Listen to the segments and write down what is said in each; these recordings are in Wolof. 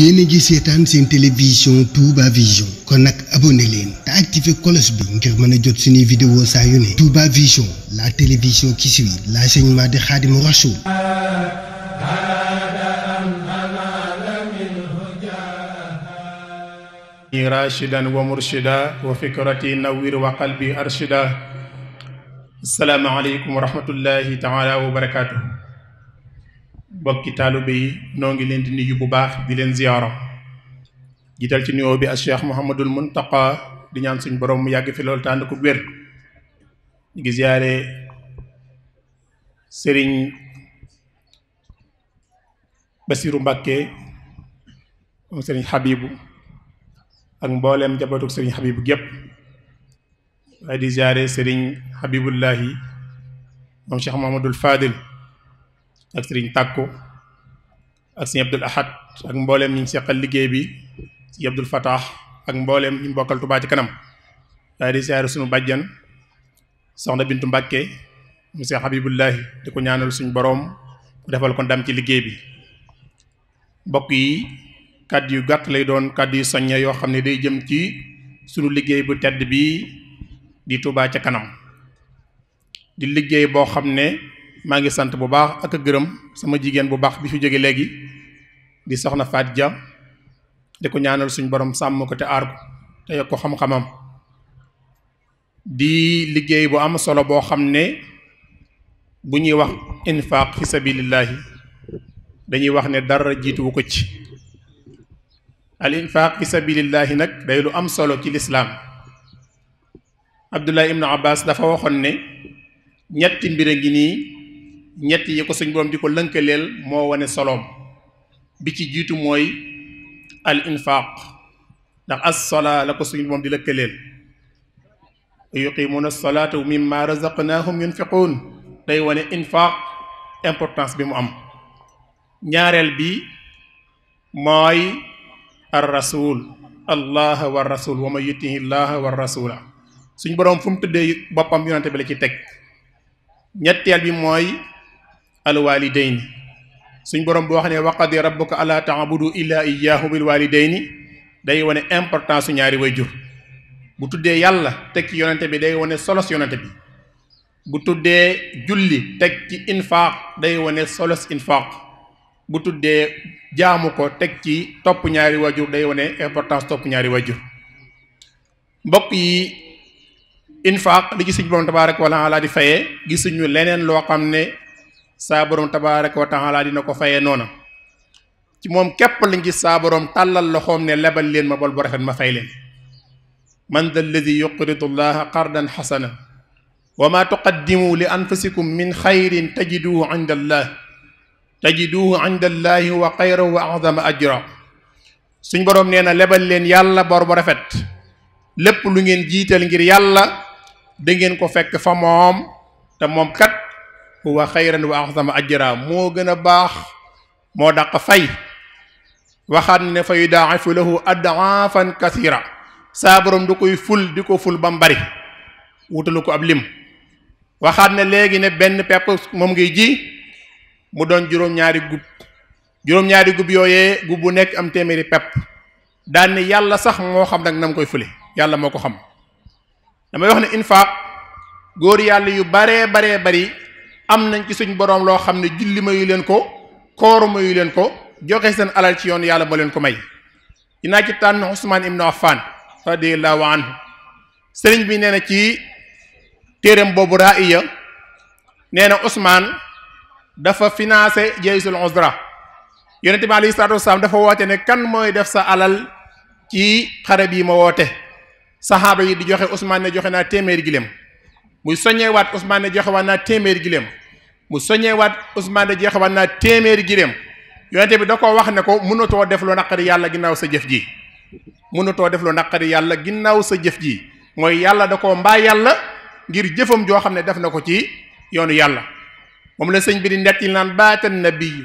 yéen a ngi seetaan seen télévision Touba Vision kon nag abonné leen te activé cloche bi ngir mën jot suñuy vidéo saa yu ne Touba Vision la télévision qui suit l'enseignement de Khadimou Rassoul rashidan wa murshida wa fikrati nawwir wa qalbi arshida assalaamu aleykum wa rahmatullahi taala wa barakaatuh bokki taalibe yi noo ngi leen di nuyu bu baax di leen ziyaara jiital ci nuyoo bi a Cheikh Mouhamadul Muntaqa di ñaan suñu boroom mu yàgg fi loolu tànd ko wér ñu ngi ziyaare Serigne Basiru Mbàkke moom Serigne Habibu ak mbooleem jabatug Serigne Habibu gépp waaye di ziyaare Serigne Habibullahi moom Cheikh Mouhamadul Fadil ak sëriñ tàkku ak sëriñ Abdul Ahad ak mbooleem ñi ñu seqal liggéey bi sëriñ Abdul Fatah ak mbooleem ñu bokkal Touba ci kanam waaye di siyaare suñu bàjjan soxna Bintu Mbàkke mu seex Habibullahi di ko ñaanal suñu boroom ku defal ko ndam ci liggéey bi mbokk yi kàddu yu gàtt lay doon kàddu yu soññe yoo xam ne day jëm ci suñu liggéey bu tedd bi di Touba ci kanam di liggéey boo xam ne maa ngi sant bu baax ak gërëm sama jigéen bu baax bi fi jóge léegi di soxna Faat Ja di ko ñaanal suñ borom sàmm ko te aar ko te yokk xam-xamam di liggéey bu am solo boo xam ne bu ñuy wax infaaq fi sabilillahi dañuy wax ne dara jiituwu ko ci al infaaq fi sabilillahi nag day lu am solo ci lislaam Abdullah ibnu Abbas dafa waxoon ne ñetti mbir a ngi nii ñett yi ko suñ borom di ko lënkaleel moo wane soloom bi ci jiitu mooy al infaq ndax as sola la ko suñ borom di lëkkaleel yuqimuuna solaata mimma razaqnahum yunfiquun tey wane infaq importance bi mu am ñaareel bi mooy ar rasul allah wa rasul wa man yutihi allah wa rasula suñ borom fu mu tëddee boppam yonante bi la ci teg ñetteel bi mooy alwalidayni suñ borom boo xam ne waqadi rabbuka ala taabudu illa iyyahu bil walidayni day wane importance su ñaari way jur bu tuddee yàlla teg ci yonente bi day wane solos yonente bi bu tuddee julli teg ci infaaq day wane solos infaaq bu tuddee jaamu ko teg ci topp ñaari wajur day wane importance topp ñaari wajur mbokk yi infaaq li ci suñ borom tabaaraka wa taala gisuñu leneen loo xam ne saa borom tabaaraka wa taala dina ko fayee noona ci moom képp lañ gis saa borom tàllal loxoom ne lebal leen ma bol bu rafet ma fay leen man da alladi yuqridu llaha qardan xasana wa ma tuqaddimu li anfusikum min xayrin tajiduhu inda allah tajiduhu inda allahi ajra suñ boroom nee na lebal leen yàlla bor bu rafet lépp lu ngeen jiital ngir yàlla da ko fekk fa moom te moom kat huwa xayran wa axsama ajra moo gën a baax moo daq fay waxaat ne fa yudaa'ifu lahu ad'aafan kasiira saa borom du koy ful di ko ful ba mu bari wutalu ko ab lim waxaat ne léegi ne benn pepp moom ngay ji mu doon juróom-ñaari gub juróom-ñaari gub yooyee gub bu nekk am téeméeri pepp daan ne yàlla sax moo xam nag na mu koy fule yàlla moo ko xam damay wax ne infaaq góor yàlla yu baree baree bari am nañ ci suñ boroom loo xam ne julli mayu leen ko kooru mayu leen ko joxe seen alal ci yoon yàlla ba leen ko may dinaa ci tànn Usmaan ibnu Affaan radiyallahu anhu sëriñ bi nee na ci téeram boobu raaya nee na Usmaan dafa financé jaysul uzra yonente bi alayhi salaatu wasalaam dafa woote ne kan mooy def sa alal ci xare bii ma woote saxaaba yi di joxe Usmaan ne joxe naa téeméeri giléem muy soññeewaat Usmaan ne joxe waat naa téeméeri giléem mu soññeewaat Ousmane da jeexawaat naa téeméeri giréem yonente bi da koo wax ne ko mënatoo def lu naqari yàlla ginnaaw sa jëf ji mënatoo def lu naqari yàlla ginnaaw sa jëf ji mooy yàlla da ko mbaa yàlla ngir jëfam joo xam ne def na ko ci yoonu yàlla moom la sëñ bi di nett il naan baatan nabi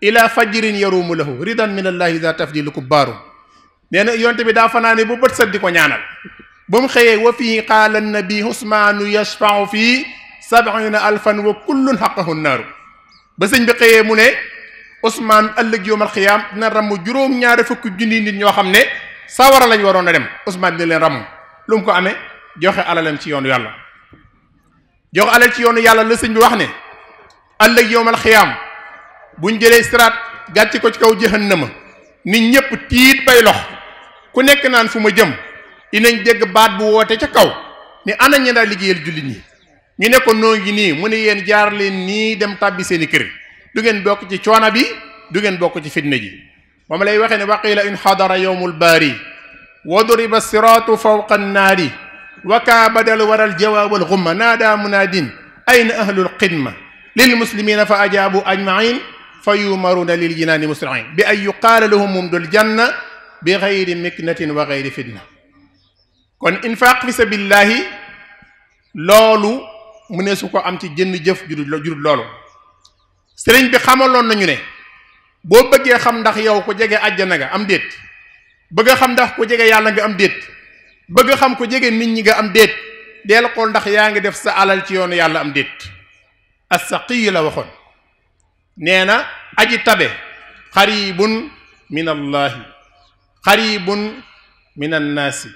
ila fajrin yarumu lahu ridan min allahi za tafdilu kubbaaru nee yonte bi daa fanaane bu bët sat di ko ñaanal ba mu xëyee wa fii qaala nabi usmaanu yashfau fii sabiina alfan wa kullun xaqahu naaru ba sëñ bi xëyee mu ne Ousmane ëllëg yowmal xiyaam dina ramm juróom-ñaari fukki junni nit ñoo xam ne sawara lañ waroon a dem Ousmane dina leen ramm lu mu ko amee joxe alalem ci yoonu yàlla joxe alal ci yoonu yàlla la sëñ bi wax ne ëllëg yowmal xiyaam buñ jëlee siraat gàcce ko ci kaw jahannama nit ñëpp tiit bay lox ku nekk naan fu ma jëm dinañ dégg baat bu woote ca kaw ni ana ñi daa liggéeyal jullit ñi ñu ne ko noo ngi nii mu ne yéen jaar leen nii dem tàbbi seen i kër du ngeen bokk ci coona bi du ngeen bokk ci fitna ji moom lay waxee ne waqila in xadara yowmul baari wa duriba siraatu fawqa annaari wa kaabadal waral jawaabal xumma naada munaadin ayna ahlul xidma lil muslimina fa ajaabu ajmain fa yumaruna lil jinaani musriin bi ay yuqaala lahum mumdul janna bi xayri miknatin wa xayri fitna kon infaaq fi sabilillahi loolu mu ne su ko am ci jënn jëf judul loolu sëriñ bi xamaloon nañu ne boo bëggee xam ndax yow ku jege àjjana nga am déet bëgg xam ndax ku jege yàlla nga am déet bëgg xam ku jege nit ñi nga am déet deel xool ndax yaa ngi def sa alal ci yoonu yàlla am déet as-saqiy la waxoon nee na aji tabe xaribun min allahi xaribun min annaasi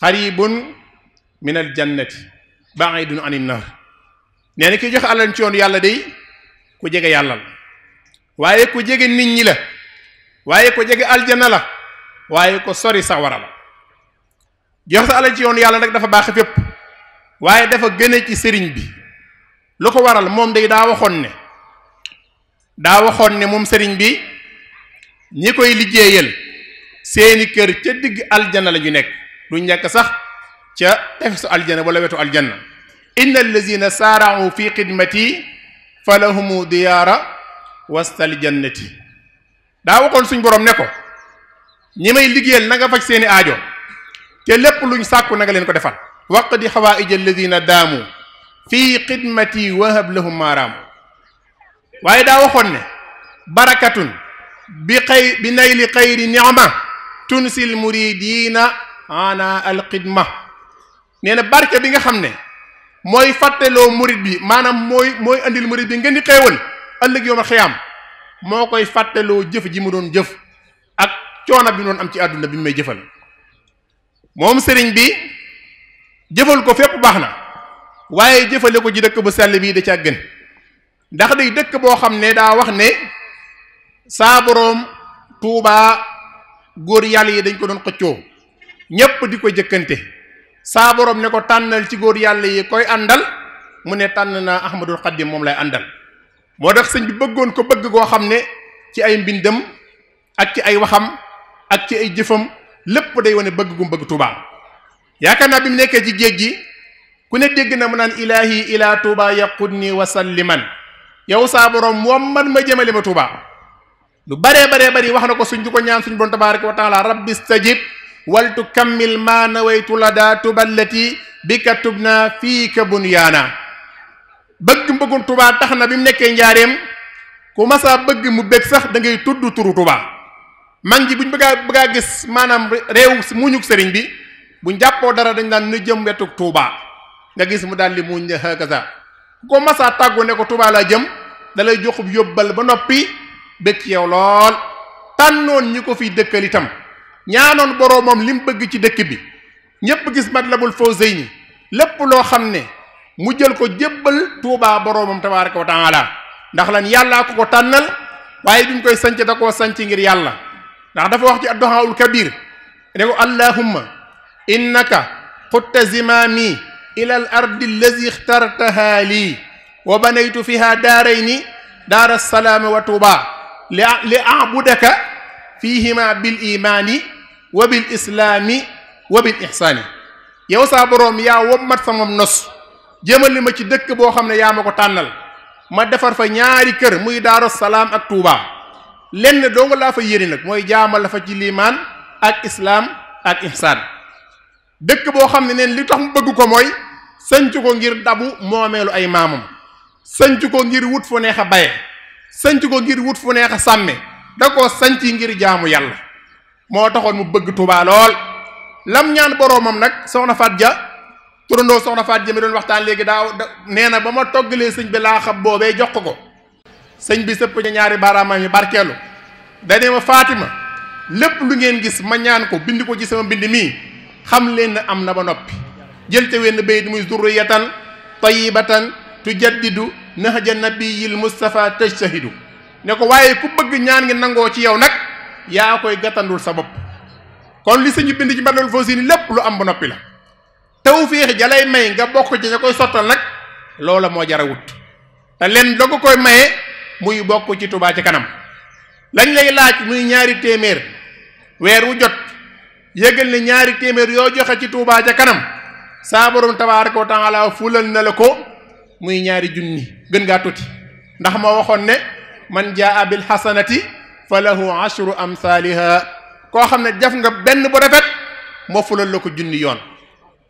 xaribun min aljannati ba'idun anin nar nee na ki joxe alal ci yoon yàlla day ku jege yàlla waaye ku jege nit ñi la waaye ku jege aljana la waaye ko sori sawara la joxe sa alal ci yoon yàlla nag dafa baax fépp waaye dafa gëne ci sëriñ bi lu ko waral moom day daa waxoon ne daa waxoon ne moom sëriñ bi ñi koy liggéeyal seeni kër ca digg aljana la ñu nekk duñ nekk sax ca tefesu aljanna wala wetu aljanna inna allazina saarau fi xidmati fa lahumu diyaara wastal jannati daa waxoon suñ borom ne ko ñi may liggéeyal na seeni aajo te lépp luñ sàkku na leen ko defal waqdi xawaaij alladina daamu fii xidmati wahab lahum maaraamu waaye daa waxoon ne barakatun bi bi nayli xayri nicma tunsil muridina ana alxidma nee na barke bi nga xam ne mooy fàtteloo murit bi maanaam mooy mooy indil murit bi ngeen di xéewal ëllëg yoom a xiyaam moo koy fàtteloo jëf ji mu doon jëf ak coono bi mu doon am ci àdduna bi mu may jëfal moom sëriñ bi jëfal ko fépp baax na waaye jëfale ko ci dëkk bu sell bii da ci gën ndax day dëkk boo xam ne daa wax ne saa boroom tuubaa góor yàlla yi dañ ko doon xëccoo ñépp di ko jëkkante saaboroom ne ko tànnal ci góor yàlla yi koy àndal mu ne tànn naa ahmadul xaddim moom lay àndal moo tax sëñ bi bëggoon ko bëgg goo xam ne ci ay mbindam ak ci ay waxam ak ci ay jëfam lépp day wone bëgg gum bëgg Touba yaakaar naa bi mu nekkee ci géej gi ku ne dégg na mu naan ilaahi ilaa Touba yaqudni wasalliman yow saa borom moom man ma jëmale ma Touba lu baree baree bari wax na ko suñ du ko ñaan suñ bon tabaraka wa taala rabbi stajib wal tukammil maa nawaytu ladaa tuba allati bika tubna fiika bunyaana bëgg mbëggum tubaa tax na bi mu nekkee njaareem ku masaa bëgg mu bëgg sax da ngay tudd turu tubaa mag ji buñ bëggaa bëggaa gis maanaam réew muñuk sëriñ bi buñ jàppoo dara dañ daan nu jëm wetuk tuubaa nga gis mu daal li muñ ku ko masaa tàggu ne ko tubaa laa jëm dalay joxub yóbbal ba noppi bëgg ci yow lool tànnoon ñi ko fi dëkkal itam ñaanoon boroomam li mu ci dëkk bi ñépp gis Matlabul Fawzayni lépp loo xam ne mu jël ko jébbal Tuubaa boroomam tabaaraka wa taala ndax lan yàllaa ko ko tànnal waaye bi koy sanc da koo sanc ngir yàlla ndax dafa wax ci adduhaa'ul kabir ne ko allahumma innaka xutta zimaami ila al ardi allazi ixtartaha lii wa banaytu fiha daarayni daara wa tuuba li abudaka fiihima bil imaani wa bil islaami wa bil ihsaani yow saa boroom yaa wommat sama nos jëmali ma ci dëkk boo xam ne yaa ma ko tànnal ma defar fa ñaari kër muy daaru salaam ak tuubaa lenn dong laa fa yéene nag mooy jaamal la fa ci liimaan ak islaam ak ihsaan dëkk boo xam ne neen li tax bëgg ko mooy sanc ko ngir dabu moomeelu ay maamam sanc ko ngir wut fu neex a baye sanc ko ngir wut fu neex a sàmme da koo sanc ngir jaamu yàlla moo taxoon mu bëgg Tuubaa lool lam ñaan boroomam nag soxna Faat Ja turandoo soxna Faat Ja mi waxtaan léegi daaw nee na ba ma toggalee sëñ bi laa xam boobee jox ko sëñ bi sëpp ñaari baaraamam yi barkeelu dane ma Faatima lépp lu ngeen gis ma ñaan ko bind ko ci sama mbind mii xam leen ne am na ba noppi jël ca wenn bayit muy zurriyatan tayyibatan tujaddidu nahja nabiyil mustafa tajtahidu ne ko waaye ku bëgg ñaan ngi nangoo ci yow nag yaa koy gàttandul sa bopp kon li ñu bind ci Matlabul Fawzayni lépp lu am ba noppi la tawféex jalay may nga bokk ci ña koy sottal nag loola moo jar a te leen dogg koy maye muy bokk ci Touba ci kanam lañ lay laaj muy ñaari téeméer weer wu jot yëgal ne ñaari téeméer yoo joxe ci tuubaa ca kanam saa borom tabaaraka wa taala fulal na la ko muy ñaari junni gën ngaa tuuti ndax moo waxoon ne man jaa bil hasanati falahu am amsaaliha koo xam ne jaf nga benn bu rafet moo fulal la ko junni yoon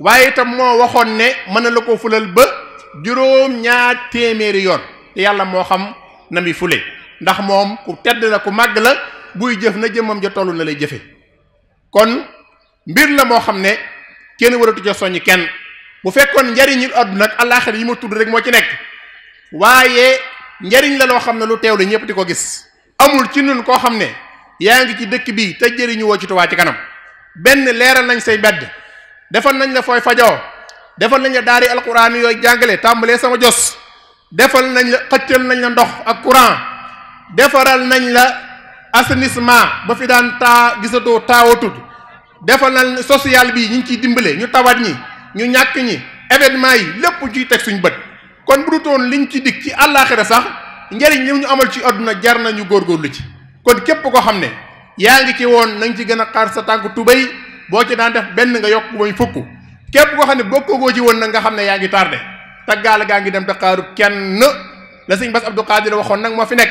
waaye itam moo waxoon ne mën na la ko fulal ba juróom ñaar téeméeri yoon te yàlla moo xam na mi fule ndax moom ku tedd la ku màgg la buy jëf na jëmmam ja tollu na lay jëfe kon mbir la moo xam ne kenn waratu ca soññ kenn bu fekkoon njariñu àdduna ak àllaaxira yi ma tudd rek moo ci nekk waaye njariñ la loo xam ne lu teew la ñëpp di ko gis amul ci nun koo xam ne yaa ngi ci dëkk bi te jëriñu woo ci ci kanam benn leeral nañ say bedd defal nañ la fooy fajoo defal nañ la daari alquran yooyu jàngale tàmbalee sama jos defal nañ la xëccal nañ la ndox ak courant defaral nañ la assainissement ba fi daan taa gisatoo taawatut defal nañ social bi ñu ngi ciy dimbale ñu tawat ñi ñu ñàkk ñi événement yi lépp ciy teg suñu bët kon bu dutoon liñ ci dikk ci àllaaxira sax njariñ li ñu amal ci àdduna jar nañu góorgóorlu ci kon képp koo xam ne yaa ngi ci woon nañ ci gën a xaar sa tànk tubéy boo ci daan def benn nga yokk mooy fukk képp koo xam ne bokkoo ci woon na nga xam ne yaa ngi tardé taggaal gaa ngi dem te xaaru kenn la sëñ Bass Abdou Khadre waxoon nag moo fi nekk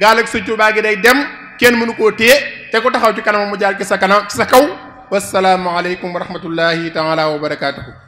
gaal ak sëñ Tuubaa gi day dem kenn mënu koo téye te ku taxaw ci kanam mu jaar ci sa kanam ci sa kaw wasalaamualeykum wa rahmatullahi taala wa barakaatuhu